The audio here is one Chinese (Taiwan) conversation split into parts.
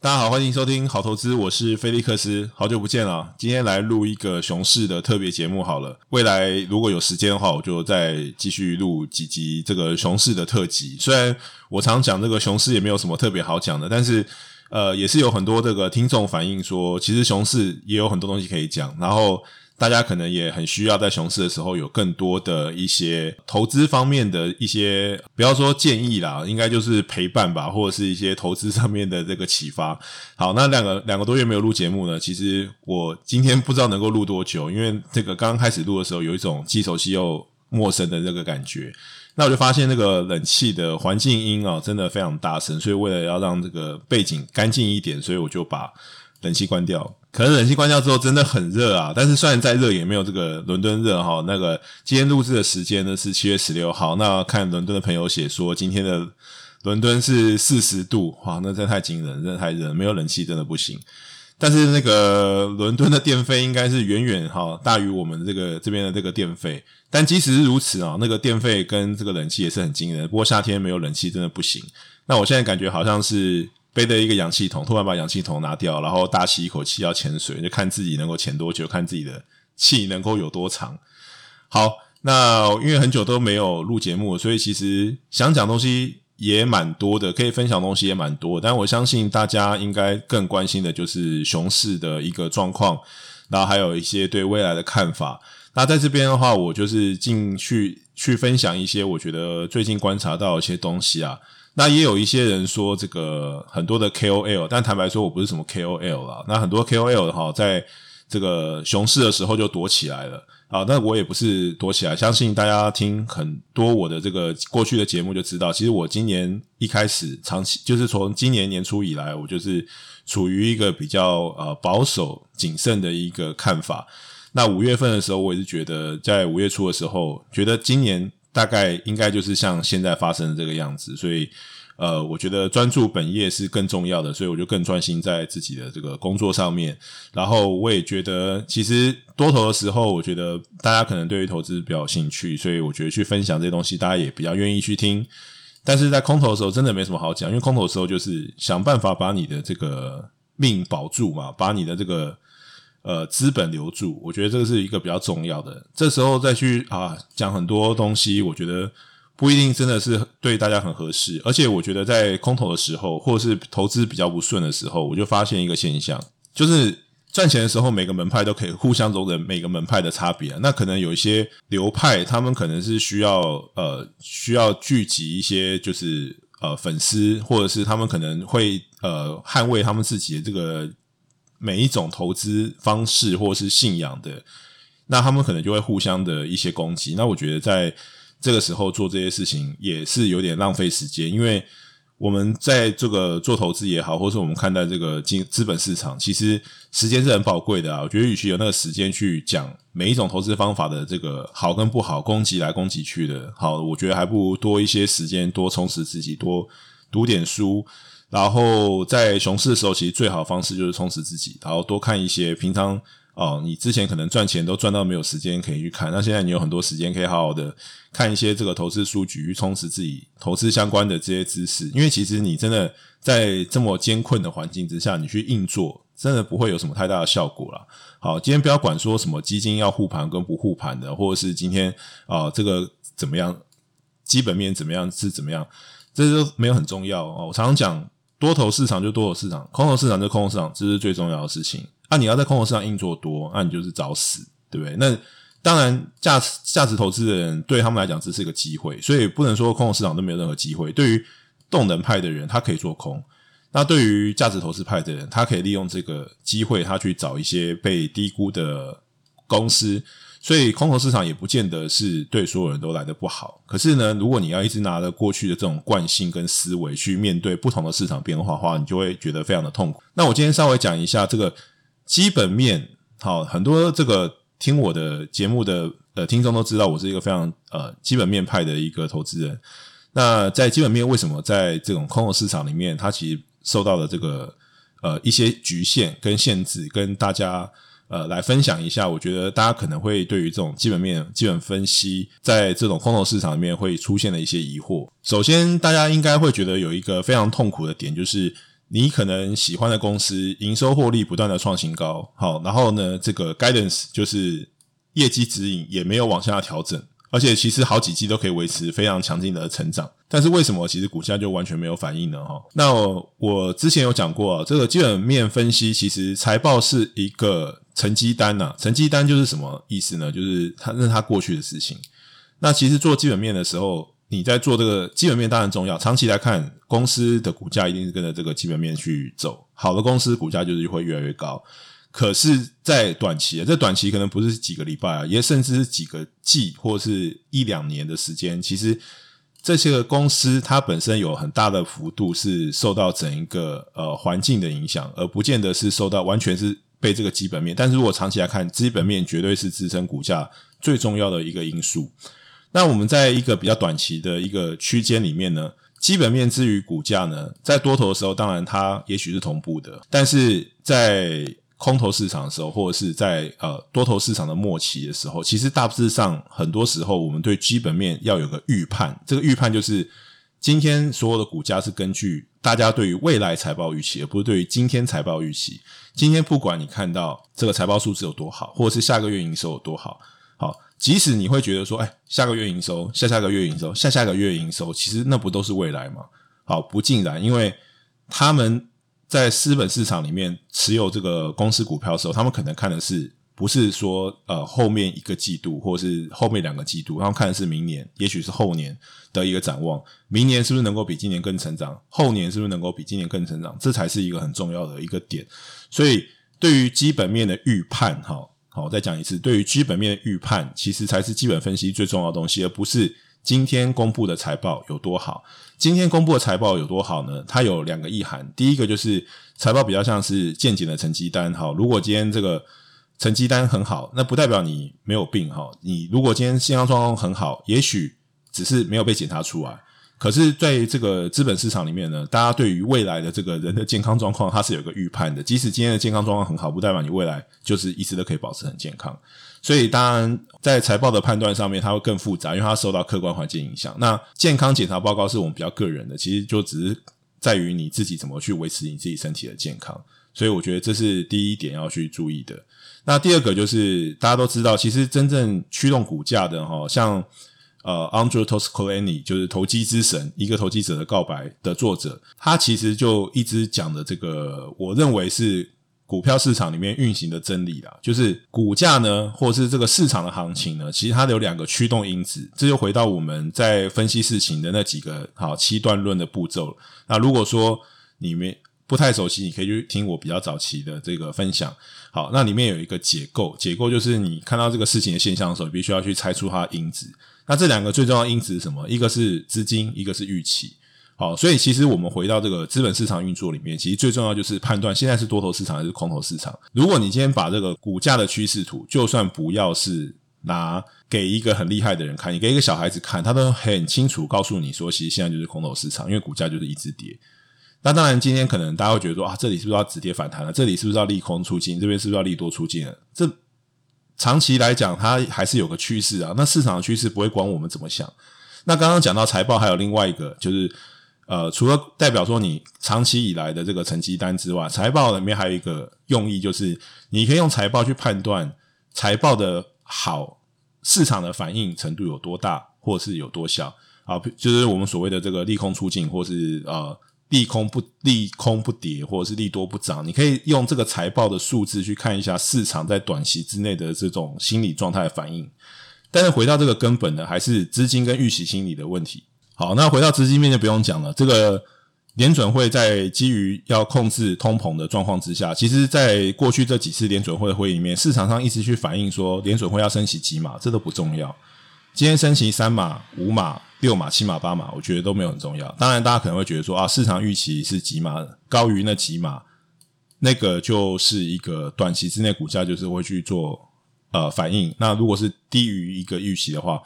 大家好，歡迎收聽好投資，我是菲力克斯，好久不見了。今天來錄一個熊市的特別節目好了。未來如果有時間的話，我就再繼續錄幾集這個熊市的特輯。雖然我常講這個熊市也沒有什麼特別好講的，但是呃，也是有很多這個聽眾反映說，其實熊市也有很多東西可以講。然後。大家可能也很需要在熊市的時候有更多的一些投資方面的一些，不要說建議啦，應該就是陪伴吧，或者是一些投資上面的這個啟發。好，那兩個兩個多月沒有錄節目呢，其實我今天不知道能夠錄多久，因為這個剛剛開始錄的時候有一種既熟悉又陌生的這個感覺。那我就發現那個冷氣的環境音啊、哦，真的非常大聲，所以為了要讓這個背景乾淨一點，所以我就把冷氣關掉，可是冷氣關掉之後真的很熱啊！但是雖然再熱也沒有這個倫敦熱哈。那個今天錄製的時間呢，是七月十六號，那看倫敦的朋友寫說今天的倫敦是四十度，哇，那真太驚人，真的太熱，沒有冷氣真的不行。但是那個倫敦的電費應該是遠遠哈大於我們這個這邊的這個電費。但即使是如此啊、喔，那個電費跟這個冷氣也是很驚人。不過夏天沒有冷氣真的不行。那我現在感覺好像是。背着一個氧氣筒，突然把氧氣筒拿掉，然後大吸一口氣要潛水，就看自己能夠潛多久，看自己的氣能夠有多長。好，那因為很久都沒有錄節目了，所以其實想講東西也蠻多的，可以分享東西也蠻多。但我相信大家應該更關心的就是熊市的一個狀況，然後還有一些對未來的看法。那在這邊的話，我就是進去去分享一些我覺得最近觀察到的一些東西啊。那也有一些人說，這個很多的 KOL，但坦白說，我不是什麼 KOL 啦。那很多 KOL 哈，在這個熊市的時候就躲起來了啊。好，那我也不是躲起來，相信大家聽很多我的這個過去的節目就知道，其實我今年一開始長期就是從今年年初以來，我就是處於一個比較呃保守謹慎的一個看法。那五月份的時候，我也是覺得在五月初的時候，覺得今年。大概應該就是像現在發生的這個樣子，所以，呃，我覺得專注本業是更重要的，所以我就更專心在自己的這個工作上面。然後我也覺得，其實多頭的時候，我覺得大家可能對於投資比較有興趣，所以我覺得去分享這些東西，大家也比較願意去聽。但是在空頭的時候，真的沒什麼好講，因為空頭的時候就是想辦法把你的這個命保住嘛，把你的這個。呃，資本留住，我覺得這個是一個比較重要的。這時候再去啊講很多東西，我覺得不一定真的是對大家很合適。而且，我覺得在空頭的時候，或者是投資比較不順的時候，我就發現一個現象，就是賺錢的時候，每個門派都可以互相容忍每個門派的差別。那可能有一些流派，他們可能是需要呃需要聚集一些就是呃粉絲，或者是他們可能會呃捍衛他們自己的這個。每一種投資方式或是信仰的，那他們可能就會互相的一些攻擊。那我覺得在這個時候做這些事情也是有點浪費時間，因為我們在這個做投資也好，或者我們看待這個金資本市場，其實時間是很寶貴的啊。我覺得與其有那個時間去講每一種投資方法的這個好跟不好，攻擊來攻擊去的，好，我覺得還不如多一些時間，多充實自己，多讀點書。然後在熊市的時候，其實最好的方式就是充實自己，然後多看一些平常哦、呃，你之前可能賺錢都賺到沒有時間可以去看，那現在你有很多時間可以好好的看一些這個投資數據，去充實自己投資相關的這些知識。因為其實你真的在這麼艱困的環境之下，你去硬做，真的不會有什麼太大的效果了。好，今天不要管說什麼基金要護盤跟不護盤的，或者是今天啊、呃、這個怎麼樣基本面怎麼樣是怎麼樣，這都沒有很重要哦。我常常講。多頭市場就多頭市場，空頭市場就空頭市場，這是最重要的事情。那、啊、你要在空頭市場硬做多，那、啊、你就是找死，對不對？那當然，價值價值投資的人對他們來講，這是一個機會，所以不能說空頭市場都沒有任何機會。對於動能派的人，他可以做空；那對於價值投資派的人，他可以利用這個機會，他去找一些被低估的公司。所以，空頭市場也不見得是對所有人都來得不好。可是呢，如果你要一直拿着過去的這種慣性跟思維去面對不同的市場變化的話，你就會覺得非常的痛苦。那我今天稍微講一下這個基本面。好，很多這個聽我的節目的呃聽眾都知道，我是一個非常呃基本面派的一個投資人。那在基本面為什麼在這種空頭市場裡面，它其實受到了這個呃一些局限跟限制，跟大家。呃，來分享一下，我覺得大家可能會對於這種基本面、基本分析，在這種空頭市場裡面會出現的一些疑惑。首先，大家應該會覺得有一個非常痛苦的點，就是你可能喜歡的公司營收獲利不斷的創新高，好，然後呢，這個 guidance 就是業績指引也沒有往下調整，而且其實好幾季都可以維持非常強勁的成長。但是為什麼其實股價就完全沒有反應呢？哈，那我之前有講過，這個基本面分析其實財報是一個成績單啊。成績單就是什麼意思呢？就是它那是它過去的事情。那其實做基本面的時候，你在做這個基本面當然重要。長期來看，公司的股價一定是跟着這個基本面去走。好的公司股價就是會越來越高。可是，在短期啊，這短期可能不是幾個禮拜啊，也甚至是幾個季或是一兩年的時間，其實。這些個公司，它本身有很大的幅度是受到整一個呃環境的影響，而不見得是受到完全是被這個基本面。但是如果長期來看，基本面絕對是支撐股價最重要的一個因素。那我們在一個比較短期的一個區間裡面呢，基本面之於股價呢，在多頭的時候，當然它也許是同步的，但是在。空頭市場的時候，或者是在呃多頭市場的末期的時候，其實大致上很多時候，我們對基本面要有個預判。這個預判就是，今天所有的股價是根據大家對於未來財報預期，而不是對於今天財報預期。今天不管你看到這個財報數字有多好，或者是下個月營收有多好，好，即使你會覺得說，哎，下個月營收，下下個月營收，下下個月營收，其實那不都是未來嗎？好，不盡然，因為他們。在資本市場裡面持有這個公司股票的時候，他們可能看的是不是說呃後面一個季度或是後面兩個季度，然後看的是明年，也許是後年的一個展望。明年是不是能夠比今年更成長？後年是不是能夠比今年更成長？這才是一個很重要的一個點。所以對於基本面的預判，哈，好，再講一次，對於基本面的預判，其實才是基本分析最重要的東西，而不是。今天公布的財報有多好？今天公布的財報有多好呢？它有兩個意涵，第一個就是財報比較像是健檢的成績單，哈。如果今天這個成績單很好，那不代表你沒有病，哈。你如果今天健康狀況很好，也許只是沒有被檢查出來。可是，在這個資本市場裡面呢，大家對於未來的這個人的健康狀況，它是有個預判的。即使今天的健康狀況很好，不代表你未來就是一直都可以保持很健康。所以，當然，在財報的判斷上面，它會更複雜，因為它受到客觀環境影響。那健康檢查報告是我們比較個人的，其實就只是在於你自己怎麼去維持你自己身體的健康。所以，我覺得這是第一點要去注意的。那第二個就是大家都知道，其實真正驅動股價的哈，像呃，André Kostolany 就是投機之神，一個投機者的告白的作者，他其實就一直講的這個，我認為是。股票市場裡面運行的真理啦，就是股價呢，或是這個市場的行情呢，其實它有兩個驅動因子。這就回到我們在分析事情的那幾個好七段論的步驟了。那如果說你們不太熟悉，你可以去聽我比較早期的這個分享。好，那裡面有一個解構，解構就是你看到這個事情的現象的時候，你必須要去拆出它的因子。那這兩個最重要的因子是什麼？一個是資金，一個是預期。好，所以其實我們回到這個資本市場運作裡面，其實最重要就是判斷現在是多頭市場還是空頭市場。如果你今天把這個股價的趨勢圖，就算不要是拿給一個很厲害的人看，你給一個小孩子看，他都很清楚告訴你說，其實現在就是空頭市場，因為股價就是一直跌。那當然，今天可能大家會覺得說啊，這裡是不是要止跌反彈了，啊？這裡是不是要利空出盡？這邊是不是要利多出盡了，啊？這長期來講，它還是有個趨勢啊。那市場的趨勢不會管我們怎麼想。那剛剛講到財報，還有另外一個就是。呃，除了代表說你長期以來的這個成績單之外，財報裡面還有一個用意，就是你可以用財報去判斷財報的好市場的反應程度有多大，或是有多小啊，就是我們所謂的這個利空出盡，或是呃利空不利空不跌，或者是利多不漲，你可以用這個財報的數字去看一下市場在短期之內的這種心理狀態的反應。但是回到這個根本呢，還是資金跟預期心理的問題。好，那回到資金面就不用講了。這個聯準會在基於要控制通膨的狀況之下，其實在過去這幾次聯準會會議裡面，市場上一直去反映說聯準會要升息幾碼，這都不重要。今天升息三碼、五碼、六碼、七碼、八碼，我覺得都沒有很重要。當然，大家可能會覺得說啊，市場預期是幾碼高於那幾碼，那個就是一個短期之內股價就是會去做呃反應。那如果是低於一個預期的話。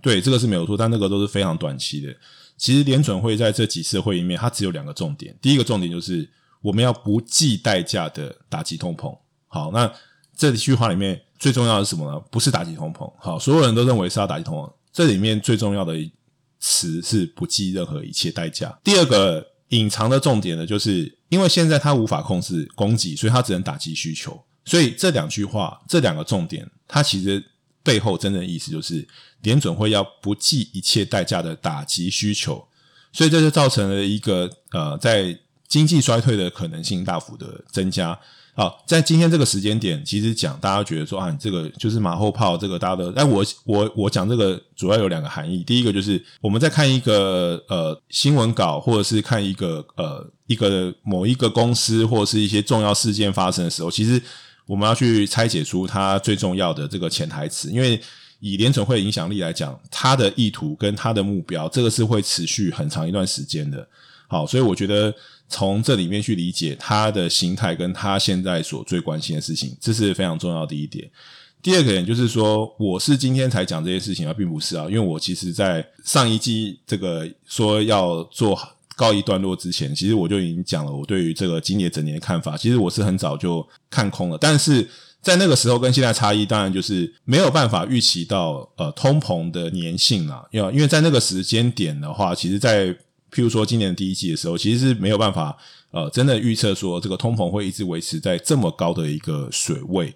對，這個是沒有錯，但那個都是非常短期的。其實聯準會在這幾次會議面，它只有兩個重點。第一個重點就是我們要不計代價的打擊通膨。好，那這一句話裡面最重要的是什麼呢？不是打擊通膨。好，所有人都認為是要打擊通膨。這裡面最重要的詞是不計任何一切代價。第二個隱藏的重點呢，就是因為現在它無法控制供給，所以它只能打擊需求。所以這兩句話，這兩個重點，它其實背後真正的意思就是。聯準會要不計一切代價的打擊需求，所以這就造成了一個呃，在經濟衰退的可能性大幅的增加。好，在今天這個時間點，其實講大家覺得說啊，這個就是馬後炮，這個大家都哎，我我我講這個主要有兩個含義。第一個就是我們在看一個呃新聞稿，或者是看一個呃一個某一個公司，或者是一些重要事件發生的時候，其實我們要去拆解出它最重要的這個潛台詞，因為。以聯準會的影響力來講，他的意圖跟他的目標，這個是會持續很長一段時間的。好，所以我覺得從這裡面去理解他的形態跟他現在所最關心的事情，這是非常重要的一點。第二個點就是說，我是今天才講這些事情啊，並不是啊，因為我其實在上一季這個說要做告一段落之前，其實我就已經講了我對於這個今年整年的看法。其實我是很早就看空了，但是。在那個時候跟現在差異，當然就是沒有辦法預期到呃通膨的粘性啦。要因為在那個時間點的話，其實，在譬如說今年第一季的時候，其實是沒有辦法呃真的預測說這個通膨會一直維持在這麼高的一個水位。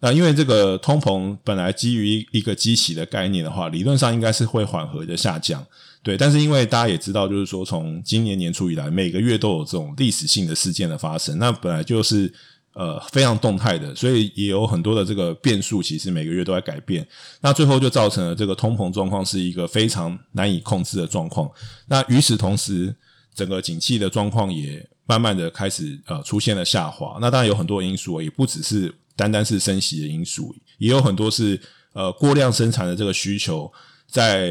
那因為這個通膨本來基於一個基期的概念的話，理論上應該是會緩和的下降。對，但是因為大家也知道，就是說從今年年初以來，每個月都有這種歷史性的事件的發生，那本來就是。呃，非常動態的，所以也有很多的這個變數，其實每個月都在改變。那最後就造成了這個通膨狀況是一個非常難以控制的狀況。那與此同時，整個景氣的狀況也慢慢的開始呃出現了下滑。那當然有很多因素，也不只是單單是升息的因素，也有很多是呃過量生產的這個需求，在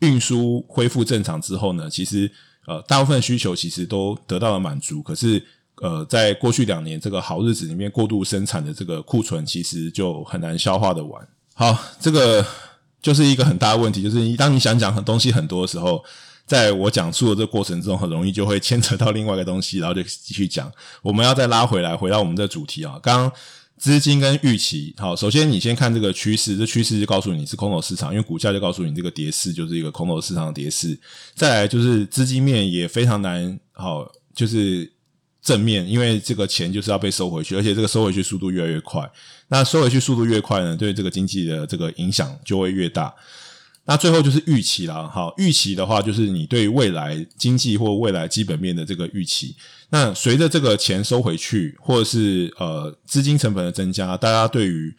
運輸恢復正常之後呢，其實呃大部分需求其實都得到了滿足。可是。呃，在過去兩年這個好日子裡面，過度生產的這個庫存其實就很難消化得完。好，這個就是一個很大的問題，就是當你想講很東西很多的時候，在我講述的這個過程中，很容易就會牽扯到另外一個東西，然後就繼續講。我們要再拉回來，回到我們的主題啊。剛剛資金跟預期，好，首先你先看這個趨勢，這趨勢就告訴你是空頭市場，因為股價就告訴你這個跌勢就是一個空頭市場的跌勢。再來就是資金面也非常難，好，就是。正面，因為這個錢就是要被收回去，而且這個收回去速度越來越快。那收回去速度越快呢，對這個經濟的這個影響就會越大。那最後就是預期啦，好，預期的話就是你對未來經濟或未來基本面的這個預期。那隨着這個錢收回去，或者是呃資金成本的增加，大家對於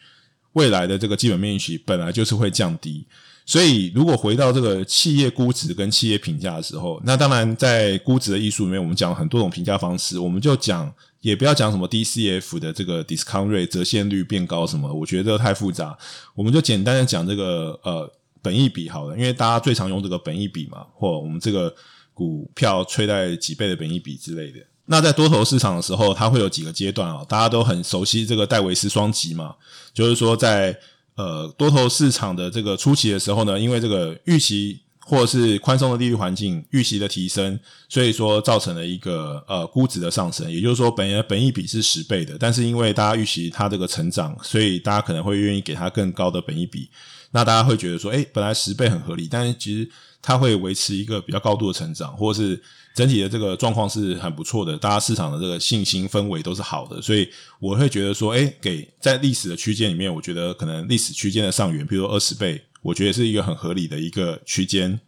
未來的這個基本面預期本來就是會降低。所以，如果回到這個企業估值跟企業評價的時候，那當然在估值的藝術裡面，我們講很多種評價方式，我們就講也不要講什麼 DCF 的這個 discount rate 折現率變高什麼，我覺得這個太複雜，我們就簡單的講這個呃本益比好了，因為大家最常用這個本益比嘛，或我們這個股票吹在幾倍的本益比之類的。那在多頭市場的時候，它會有幾個階段啊，大家都很熟悉這個戴維斯雙擊嘛，就是說在。呃，多頭市場的這個初期的時候呢，因為這個預期或者是寬鬆的利率環境預期的提升，所以說造成了一個呃估值的上升。也就是說，本來的本益比是十倍的，但是因為大家預期它這個成長，所以大家可能會願意給它更高的本益比。那大家會覺得說，誒，本來十倍很合理，但是其實它會維持一個比較高度的成長，或者是。整體的這個狀況是很不錯的，大家市場的這個信心氛圍都是好的，所以我會覺得說，誒，給在歷史的區間裡面，我覺得可能歷史區間的上緣，比如說二十倍，我覺得是一個很合理的一個區間，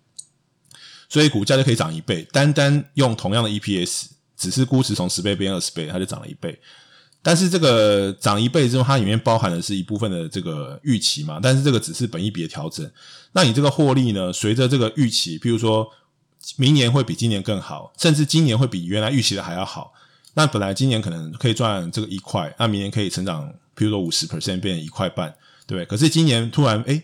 所以股價就可以漲一倍。單單用同樣的 EPS，只是估值從十倍變二十倍，它就漲了一倍。但是這個漲一倍之後，它裡面包含的是一部分的這個預期嘛？但是這個只是本益比的調整。那你這個獲利呢？隨着這個預期，比如說。明年會比今年更好，甚至今年會比原來預期的還要好。那本來今年可能可以賺這個一塊，那明年可以成長，譬如說五十 percent 變一塊半，對不對？可是今年突然誒，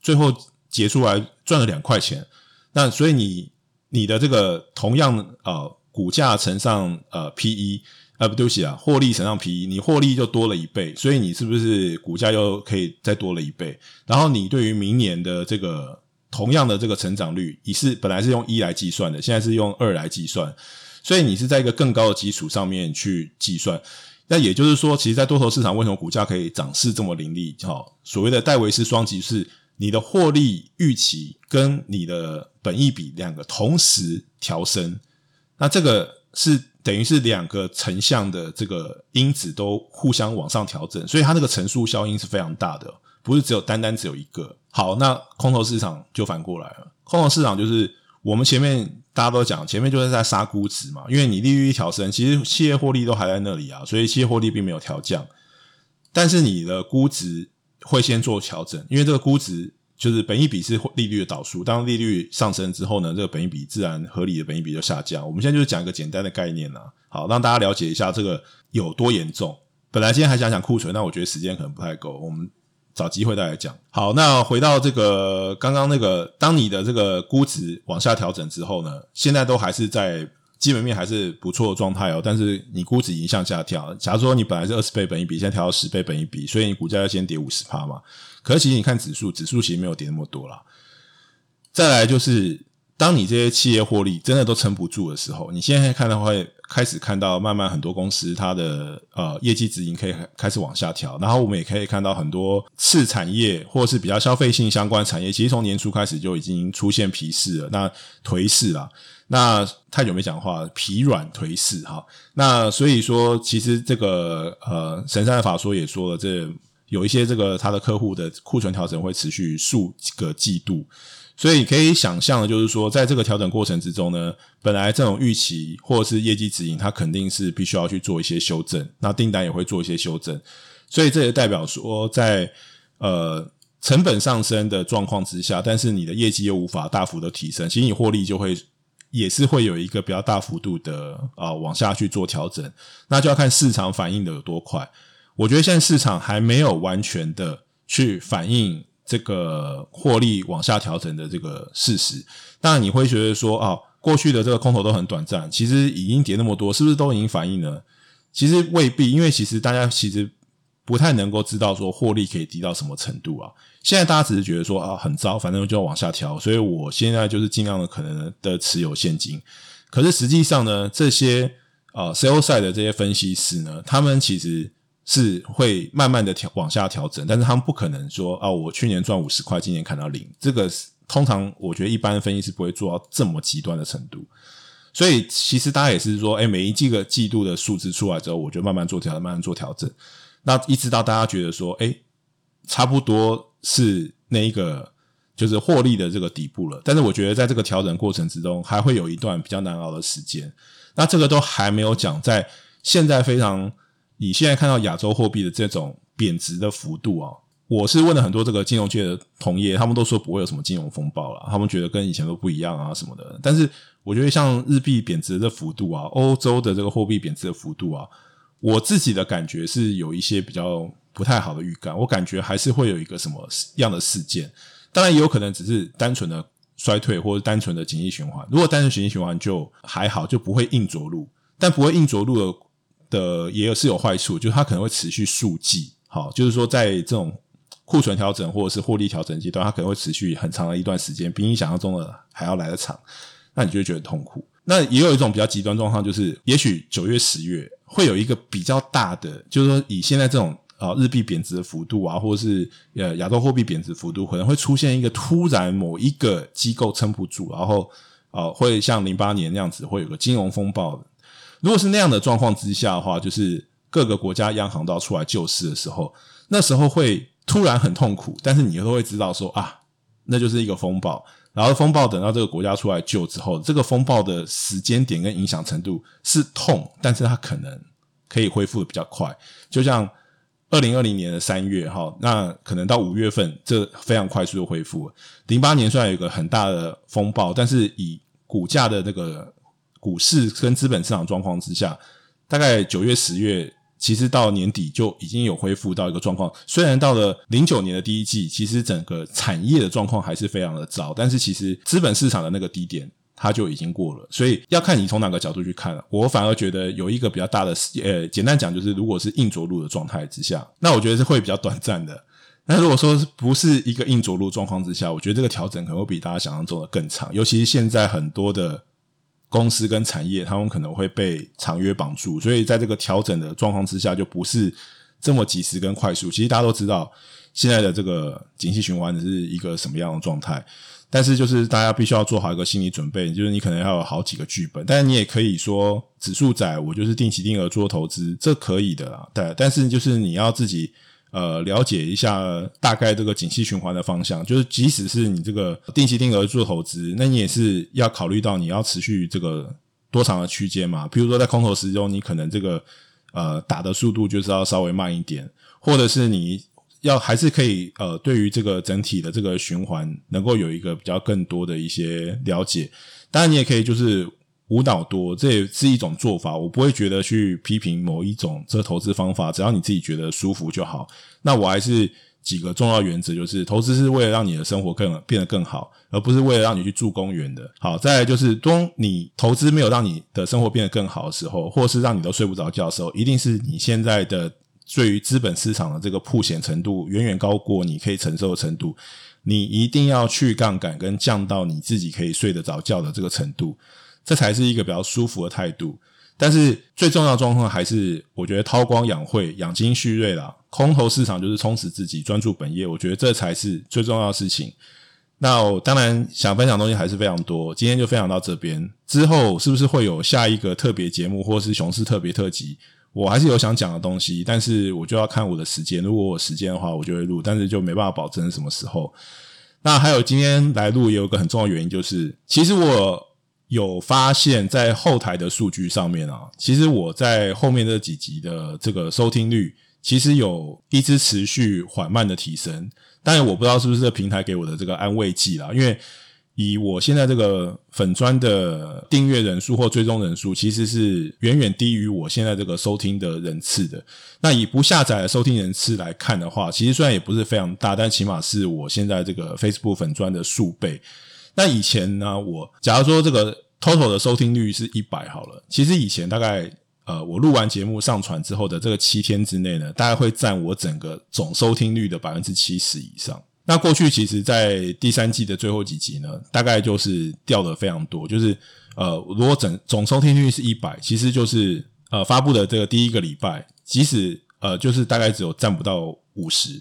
最後結出來賺了兩塊錢，那所以你你的這個同樣呃股價乘上呃 P E，啊不，對不起啊，獲利乘上 P E，你獲利就多了一倍，所以你是不是股價又可以再多了一倍？然後你對於明年的這個。同樣的這個成長率，你是本來是用一來計算的，現在是用二來計算，所以你是在一個更高的基礎上面去計算。那也就是說，其實，在多頭市場，為什麼股價可以漲勢這麼凌厲？好，所謂的戴維斯雙擊是你的獲利預期跟你的本益比兩個同時調升，那這個是等於是兩個成像的這個因子都互相往上調整，所以它那個乘數效應是非常大的，不是只有單單只有一個。好，那空頭市場就反過來了。空頭市場就是我們前面大家都講，前面就是在殺估值嘛。因為你利率一調升，其實企業獲利都還在那裡啊，所以企業獲利並沒有調降，但是你的估值會先做調整。因為這個估值就是本益比是利率的倒數，當利率上升之後呢，這個本益比自然合理的本益比就下降。我們現在就是講一個簡單的概念啊，好讓大家了解一下這個有多嚴重。本來今天還想講庫存，那我覺得時間可能不太夠，我們。找機會再來講。好，那回到這個剛剛那個，當你的這個估值往下調整之後呢，現在都還是在基本面還是不錯的狀態哦。但是你估值已經向下調，假如說你本來是二十倍本益比，現在調到十倍本益比，所以你股價要先跌五十趴嘛。可是其實你看指數，指數其實沒有跌那麼多啦。再來就是。當你這些企業獲利真的都撐不住的時候，你現在看的話，開始看到慢慢很多公司它的呃業績指引可以開始往下調，然後我們也可以看到很多次產業或是比較消費性相關產業，其實從年初開始就已經出現疲勢了，那頹勢啦，那太久沒講的話，疲軟頹勢哈，那所以說其實這個呃神山法說也說了這。有一些這個他的客戶的庫存調整會持續數個季度，所以你可以想象的就是說，在這個調整過程之中呢，本來這種預期或者是業績指引，它肯定是必須要去做一些修正，那訂單也會做一些修正，所以這也代表說，在呃成本上升的狀況之下，但是你的業績又無法大幅的提升，其實你獲利就會也是會有一個比較大幅度的啊往下去做調整，那就要看市場反應的有多快。我覺得現在市場還沒有完全的去反映這個獲利往下調整的這個事實。當然，你會覺得說啊，過去的這個空頭都很短暫，其實已經跌那麼多，是不是都已經反映了？其實未必，因為其實大家其實不太能夠知道說獲利可以低到什麼程度啊。現在大家只是覺得說啊，很糟，反正就往下調。所以我現在就是儘量的可能的持有現金。可是實際上呢，這些啊 sell side 的這些分析師呢，他們其實。是會慢慢的調往下調整，但是他們不可能說啊、哦，我去年賺五十塊，今年砍到零，這個是通常我覺得一般分析是不會做到這麼極端的程度。所以其實大家也是說，哎，每一季個季度的數字出來之後，我就慢慢做調，慢慢做調整，那一直到大家覺得說，哎，差不多是那一個就是獲利的這個底部了。但是我覺得在這個調整過程之中，還會有一段比較難熬的時間。那這個都還沒有講，在現在非常。你現在看到亞洲貨幣的這種貶值的幅度啊，我是問了很多這個金融界的同業，他們都說不會有什麼金融風暴啦。他們覺得跟以前都不一樣啊什麼的。但是我覺得像日幣貶值的幅度啊，歐洲的這個貨幣貶值的幅度啊，我自己的感覺是有一些比較不太好的預感，我感覺還是會有一個什麼樣的事件。當然也有可能只是單純的衰退或者單純的景氣循環。如果單純景氣循環就還好，就不會硬着陸，但不會硬着陸的。的也有是有壞處，就是它可能會持續數季，好，就是說在這種庫存調整或者是獲利調整階段，它可能會持續很長的一段時間，比你想象中的還要來得長，那你就會覺得痛苦。那也有一種比較極端狀況，就是也許九月十月會有一個比較大的，就是說以現在這種呃日幣貶值的幅度啊，或者是呃亞洲貨幣貶值幅度，可能會出現一個突然某一個機構撐不住，然後呃會像零八年那樣子，會有個金融風暴的。如果是那樣的狀況之下的話，就是各個國家央行都要出來救市的時候，那時候會突然很痛苦，但是你又會知道說啊，那就是一個風暴。然後風暴等到這個國家出來救之後，這個風暴的時間點跟影響程度是痛，但是它可能可以恢復的比較快。就像二零二零年的三月哈，那可能到五月份，這個非常快速就恢復了。零八年雖然有一個很大的風暴，但是以股價的那個。股市跟資本市場狀況之下，大概九月、十月，其實到年底就已經有恢復到一個狀況。雖然到了零九年的第一季，其實整個產業的狀況還是非常的糟，但是其實資本市場的那個低點，它就已經過了。所以要看你從哪個角度去看了，啊。我反而覺得有一個比較大的，呃，簡單講就是，如果是硬着陸的狀態之下，那我覺得是會比較短暫的。那如果說不是一個硬着陸狀況之下，我覺得這個調整可能會比大家想象中的更長。尤其是現在很多的。公司跟產業，他們可能會被長約綁住，所以在這個調整的狀況之下，就不是這麼及時跟快速。其實大家都知道現在的這個景氣循環是一個什麼樣的狀態，但是就是大家必須要做好一個心理準備，就是你可能要有好幾個劇本，但是你也可以說指數仔，我就是定期定額做投資，這可以的啦，對。但是就是你要自己，呃，了解一下大概這個景氣循環的方向，就是即使是你這個定期定額做投資，那你也是要考慮到你要持續這個多長的區間嘛？比如說在空頭時中，你可能這個呃打的速度就是要稍微慢一點，或者是你要還是可以呃，對於這個整體的這個循環能夠有一個比較更多的一些了解。當然，你也可以就是。無腦多，這也是一種做法。我不會覺得去批評某一種這投資方法，只要你自己覺得舒服就好。那我還是幾個重要原則，就是投資是為了讓你的生活更變得更好，而不是為了讓你去住公園的。好，再來就是，當你投資沒有讓你的生活變得更好的時候，或是讓你都睡不着覺的時候，一定是你現在的對於資本市場的這個曝險程度遠遠高過你可以承受的程度。你一定要去槓桿，跟降到你自己可以睡得着覺的這個程度。這才是一個比較舒服的態度，但是最重要的狀況還是，我覺得韜光養晦、養精蓄銳啦，空頭市場就是充實自己、專注本業，我覺得這才是最重要的事情。那當然想分享的東西還是非常多，今天就分享到這邊。之後是不是會有下一個特別節目，或是熊市特別特輯？我還是有想講的東西，但是我就要看我的時間。如果我有時間的話，我就會錄，但是就沒辦法保證什麼時候。那還有今天來錄也有一個很重要的原因，就是其實我。有發現，在後台的數據上面啊，其實我在後面這幾集的這個收聽率，其實有一直持續緩慢的提升。當然，我不知道是不是這平台給我的這個安慰劑啦，因為以我現在這個粉專的訂閱人數或追蹤人數，其實是遠遠低於我現在這個收聽的人次的。那以不下載的收聽人次來看的話，其實雖然也不是非常大，但起碼是我現在這個 Facebook 粉專的數倍。那以前呢，我假如說這個 total 的收聽率是一百好了，其實以前大概呃，我錄完節目上傳之後的這個七天之內呢，大概會佔我整個總收聽率的百分之七十以上。那過去其實，在第三季的最後幾集呢，大概就是掉的非常多。就是呃，如果整總收聽率是一百，其實就是呃發佈的這個第一個禮拜，即使呃就是大概只有佔不到五十。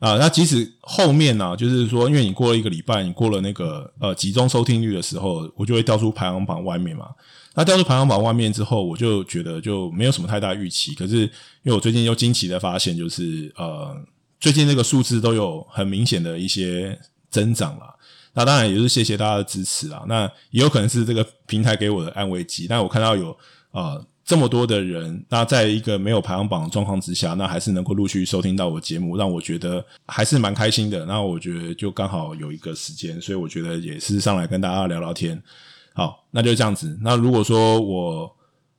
啊、呃，那即使後面呢、啊，就是說，因為你過了一個禮拜，你過了那個呃集中收聽率的時候，我就會掉出排行榜外面嘛。那掉出排行榜外面之後，我就覺得就沒有什麼太大預期。可是因為我最近又驚奇的發現，就是呃最近這個數字都有很明顯的一些增長了。那當然也就是謝謝大家的支持啊。那也有可能是這個平台給我的安慰劑。但我看到有啊。呃這麼多的人，那在一個沒有排行榜的狀況之下，那還是能夠陸續收聽到我節目，讓我覺得還是蠻開心的。那我覺得就剛好有一個時間，所以我覺得也是上來跟大家聊聊天。好，那就這樣子。那如果說我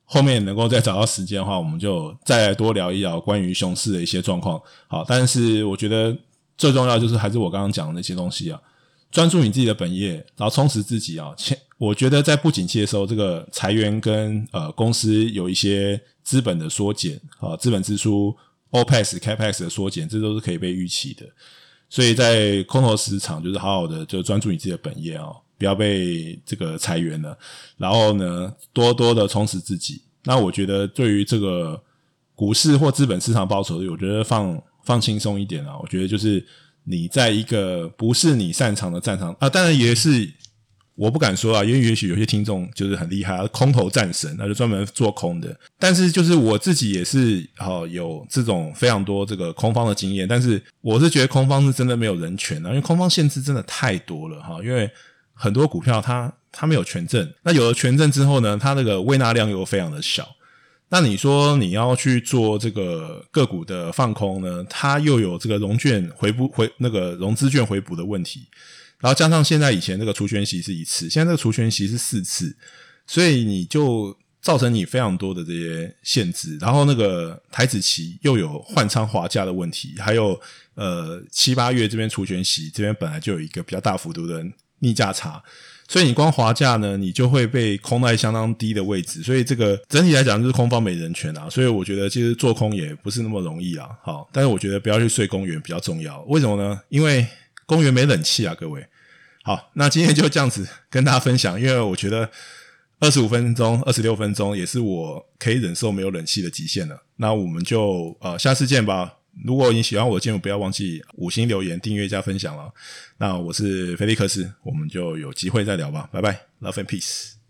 後面能夠再找到時間的話，我們就再多聊一聊關於熊市的一些狀況。好，但是我覺得最重要的就是還是我剛剛講的那些東西啊，專注你自己的本業，然後充實自己啊，我覺得在不景氣的時候，這個裁員跟呃公司有一些資本的縮減啊，資本支出、OPEX、CAPEX 的縮減，這都是可以被預期的。所以在空頭市場，就是好好的，就專注你自己的本業哦，不要被這個裁員了。然後呢，多多的充實自己。那我覺得對於這個股市或資本市場報酬，我覺得放放輕鬆一點啊。我覺得就是你在一個不是你擅長的戰場啊，當然也是。我不敢說啊，因為也許有些聽眾就是很厲害，空頭戰神，那就專門做空的。但是，就是我自己也是，好、哦、有這種非常多這個空方的經驗。但是，我是覺得空方是真的沒有人權的、啊，因為空方限制真的太多了哈、哦。因為很多股票它它沒有權證，那有了權證之後呢，它那個胃納量又非常的小。那你說你要去做這個個股的放空呢？它又有這個融券回補回那個融資券回補的問題。然後加上現在以前這個除權息是一次，現在這個除權息是四次，所以你就造成你非常多的這些限制。然後那個台指期又有換倉滑價的問題，還有呃七八月這邊除權息這邊本來就有一個比較大幅度的逆價差，所以你光滑價呢，你就會被空在相當低的位置。所以這個整體來講就是空方沒人權啊，所以我覺得其實做空也不是那麼容易啊。好，但是我覺得不要去睡公園比較重要。為什麼呢？因為公園沒冷氣啊，各位。好，那今天就這樣子跟大家分享，因為我覺得二十五分鐘、二十六分鐘也是我可以忍受沒有冷氣的極限了。那我們就呃下次見吧。如果你喜歡我的節目，不要忘記五星留言、訂閱加分享哦。那我是菲力克斯，我們就有機會再聊吧。拜拜，Love and Peace。